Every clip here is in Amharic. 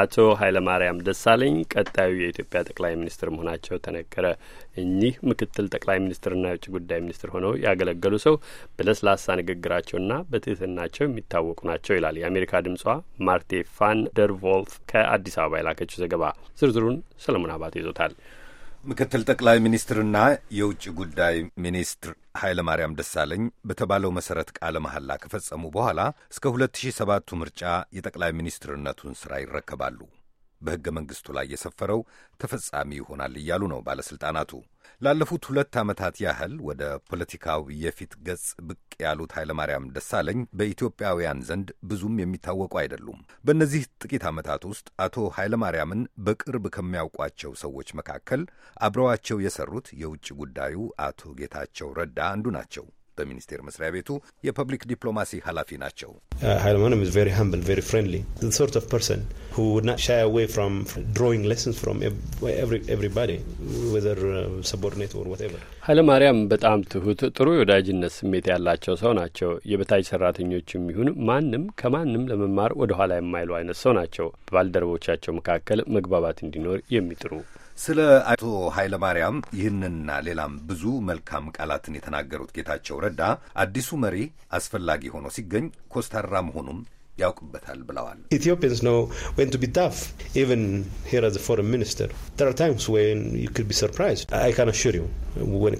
አቶ ኃይለማርያም ደሳለኝ ቀጣዩ የኢትዮጵያ ጠቅላይ ሚኒስትር መሆናቸው ተነገረ። እኚህ ምክትል ጠቅላይ ሚኒስትርና የውጭ ጉዳይ ሚኒስትር ሆነው ያገለገሉ ሰው በለስላሳ ንግግራቸውና በትህትናቸው የሚታወቁ ናቸው ይላል የአሜሪካ ድምጿ ማርቴ ፋን ደርቮልፍ ከአዲስ አበባ የላከችው ዘገባ። ዝርዝሩን ሰለሞን አባት ይዞታል። ምክትል ጠቅላይ ሚኒስትርና የውጭ ጉዳይ ሚኒስትር ኃይለማርያም ደሳለኝ በተባለው መሠረት ቃለ መሐላ ከፈጸሙ በኋላ እስከ 2007ቱ ምርጫ የጠቅላይ ሚኒስትርነቱን ሥራ ይረከባሉ። በሕገ መንግሥቱ ላይ የሰፈረው ተፈጻሚ ይሆናል እያሉ ነው ባለሥልጣናቱ። ላለፉት ሁለት ዓመታት ያህል ወደ ፖለቲካው የፊት ገጽ ብቅ ያሉት ኃይለማርያም ደሳለኝ በኢትዮጵያውያን ዘንድ ብዙም የሚታወቁ አይደሉም። በእነዚህ ጥቂት ዓመታት ውስጥ አቶ ኃይለማርያምን በቅርብ ከሚያውቋቸው ሰዎች መካከል አብረዋቸው የሰሩት የውጭ ጉዳዩ አቶ ጌታቸው ረዳ አንዱ ናቸው። በሚኒስቴር መስሪያ ቤቱ የፐብሊክ ዲፕሎማሲ ኃላፊ ናቸው። uh, uh, ኃይለማርያም በጣም ትሁት፣ ጥሩ የወዳጅነት ስሜት ያላቸው ሰው ናቸው። የበታች ሰራተኞች የሚሆን ማንም ከማንም ለመማር ወደኋላ የማይሉ አይነት ሰው ናቸው። በባልደረቦቻቸው መካከል መግባባት እንዲኖር የሚጥሩ ስለ አቶ ኃይለ ማርያም ይህንና ሌላም ብዙ መልካም ቃላትን የተናገሩት ጌታቸው ረዳ አዲሱ መሪ አስፈላጊ ሆኖ ሲገኝ ኮስታራ መሆኑም ያውቅበታል ብለዋል። ኢትዮጵያንስ ነው ወን ቱ ቢ ታፍ ኢቨን ሄር አዝ ፎረን ሚኒስተር ዜር አር ታይምስ ወን ዩ ክድ ቢ ሰርፕራይዝ አይ ካን አሹር ዩ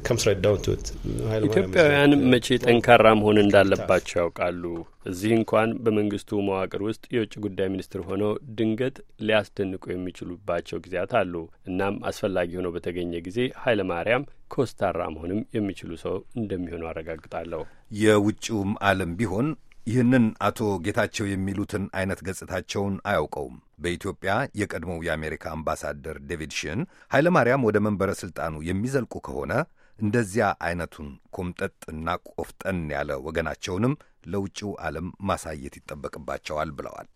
ከምስ ራይት ዳውን ቱ ኢትዮጵያውያን መቼ ጠንካራ መሆን እንዳለባቸው ያውቃሉ። እዚህ እንኳን በመንግስቱ መዋቅር ውስጥ የውጭ ጉዳይ ሚኒስትር ሆነው ድንገት ሊያስደንቁ የሚችሉባቸው ጊዜያት አሉ። እናም አስፈላጊ ሆኖ በተገኘ ጊዜ ኃይለ ማርያም ኮስታራ መሆንም የሚችሉ ሰው እንደሚሆኑ አረጋግጣለሁ። የውጭውም ዓለም ቢሆን ይህንን አቶ ጌታቸው የሚሉትን አይነት ገጽታቸውን አያውቀውም። በኢትዮጵያ የቀድሞው የአሜሪካ አምባሳደር ዴቪድ ሽን ኃይለማርያም ወደ መንበረ ሥልጣኑ የሚዘልቁ ከሆነ እንደዚያ አይነቱን ኮምጠጥና ቆፍጠን ያለ ወገናቸውንም ለውጭው ዓለም ማሳየት ይጠበቅባቸዋል ብለዋል።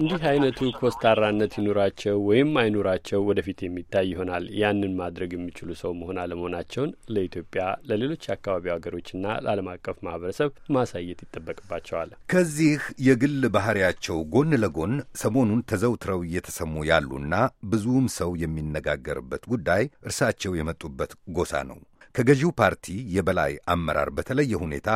እንዲህ አይነቱ ኮስታራነት ይኑራቸው ወይም አይኑራቸው ወደፊት የሚታይ ይሆናል። ያንን ማድረግ የሚችሉ ሰው መሆን አለመሆናቸውን ለኢትዮጵያ፣ ለሌሎች የአካባቢ ሀገሮችና ለዓለም አቀፍ ማህበረሰብ ማሳየት ይጠበቅባቸዋል። ከዚህ የግል ባህሪያቸው ጎን ለጎን ሰሞኑን ተዘውትረው እየተሰሙ ያሉና ብዙም ሰው የሚነጋገርበት ጉዳይ እርሳቸው የመጡበት ጎሳ ነው። ከገዢው ፓርቲ የበላይ አመራር በተለየ ሁኔታ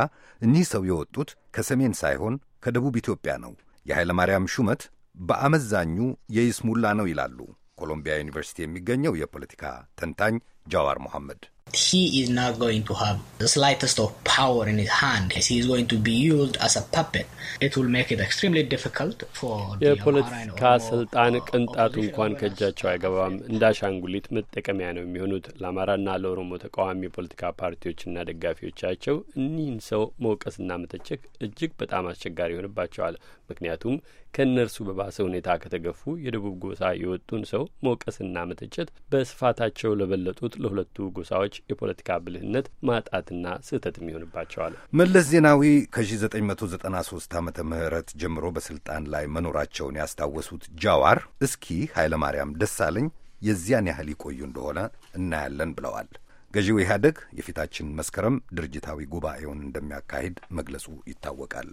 እኒህ ሰው የወጡት ከሰሜን ሳይሆን ከደቡብ ኢትዮጵያ ነው። የኃይለማርያም ሹመት በአመዛኙ የይስሙላ ነው ይላሉ ኮሎምቢያ ዩኒቨርሲቲ የሚገኘው የፖለቲካ ተንታኝ ጃዋር መሐመድ። he is not going to have the slightest of power in his hand. He is going to be used as a puppet. It will make it extremely difficult for የፖለቲካ ስልጣን ቅንጣቱ እንኳን ከእጃቸው አይገባም። እንደ አሻንጉሊት መጠቀሚያ ነው የሚሆኑት። ለአማራና ለኦሮሞ ተቃዋሚ የፖለቲካ ፓርቲዎችና ደጋፊዎቻቸው እኒህን ሰው መውቀስና መተቸክ እጅግ በጣም አስቸጋሪ ይሆንባቸዋል። ምክንያቱም ከእነርሱ በባሰ ሁኔታ ከተገፉ የደቡብ ጎሳ የወጡን ሰው መውቀስና መተቸት በስፋታቸው ለበለጡት ለሁለቱ ጎሳዎች የፖለቲካ ብልህነት ማጣትና ስህተትም ይሆንባቸዋል። መለስ ዜናዊ ከ1993 ዓመተ ምህረት ጀምሮ በስልጣን ላይ መኖራቸውን ያስታወሱት ጃዋር እስኪ ኃይለማርያም ደሳለኝ የዚያን ያህል ይቆዩ እንደሆነ እናያለን ብለዋል። ገዢው ኢህአደግ የፊታችን መስከረም ድርጅታዊ ጉባኤውን እንደሚያካሂድ መግለጹ ይታወቃል።